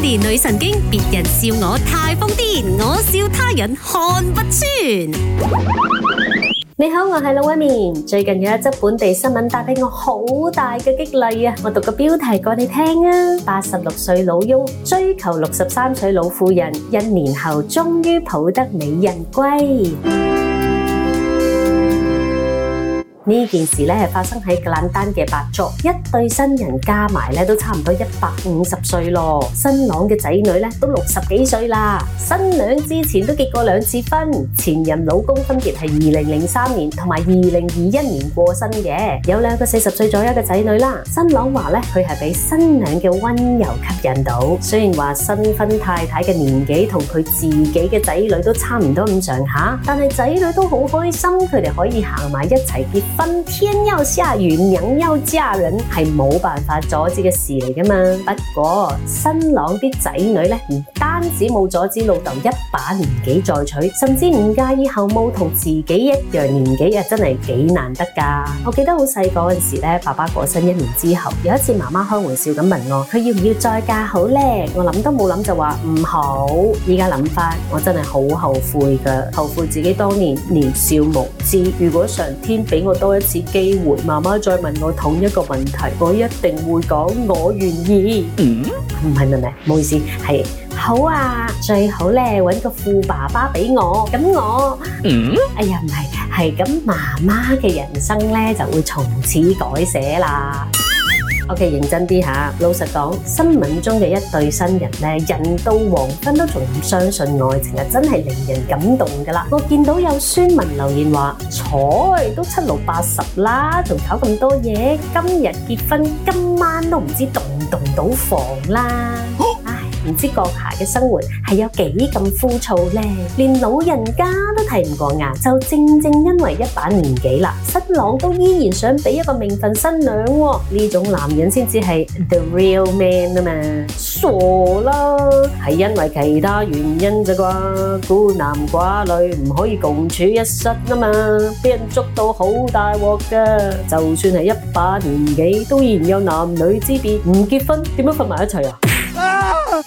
年女神經，別人笑我太瘋癲，我笑他人看不穿。你好，我係 Melody。最近有一則本地新聞，帶俾我好大嘅激勵啊！我讀個標題過你聽啊！八十六歲老翁追求六十三歲老婦人，一年後終於抱得美人歸。呢件事呢係發生喺格蘭丹嘅白族。一對新人加埋呢都差唔多一百五十歲咯。新郎嘅仔女呢，都六十幾歲啦。新娘之前都結過兩次婚，前任老公分別係二零零三年同埋二零二一年過身嘅，有兩個四十歲左右嘅仔女啦。新郎話呢，佢係俾新娘嘅溫柔吸引到，雖然話新婚太太嘅年紀同佢自己嘅仔女都差唔多咁上下，但係仔女都好開心，佢哋可以行埋一齊結婚。天要下雨，娘要嫁人，係冇辦法阻止嘅事嚟嘅嘛。不過新郎啲仔女咧，唔單止冇阻止老豆一把年紀再娶，甚至唔介意後母同自己一樣年紀啊，真係幾難得噶。我記得好細嗰陣時咧，爸爸過身一年之後，有一次媽媽開玩笑咁問我，佢要唔要再嫁好咧？我諗都冇諗就話唔好。依家諗翻，我真係好後悔噶，後悔自己當年年少無知。如果上天俾我多一次機會，媽媽再問我同一個問題，我一定會講我願意。唔係唔係唔係，唔好意思，係好啊，最好呢，揾個富爸爸俾我，咁我，嗯、哎呀唔係，係咁媽媽嘅人生呢，就會從此改寫啦。OK，認真啲嚇。老實講，新聞中嘅一對新人呢，人到黃昏都仲唔相信愛情啊，真係令人感動㗎啦！我見到有孫民留言話：，彩都七老八十啦，仲搞咁多嘢，今日結婚，今晚都唔知洞唔洞到房啦。唔知閣下嘅生活係有幾咁枯燥呢？連老人家都睇唔過眼，就正正因為一把年紀啦，新郎都依然想俾一個名分新娘喎，哦，呢種男人先至係 the real man 啊嘛，傻啦，係因為其他原因咋啩？孤男寡女唔可以共處一室啊嘛，畀人捉到好大鑊㗎。就算係一把年紀，都依然有男女之別，唔結婚點樣瞓埋一齊啊？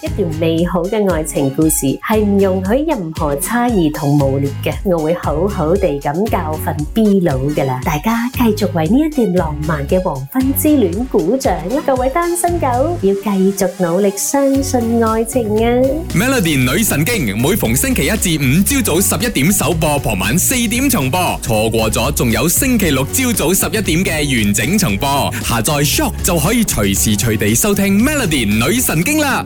一段美好嘅愛情故事係唔容許任何差異同磨滅嘅，我會好好地咁教訓 B 佬噶啦！大家繼續為呢一段浪漫嘅黃昏之戀鼓掌啊！各位單身狗要繼續努力相信愛情啊！Melody 女神經每逢星期一至五朝早十一點首播，傍晚四點重播，錯過咗仲有星期六朝早十一點嘅完整重播。下載 Shop 就可以隨時隨地收聽 Melody 女神經啦！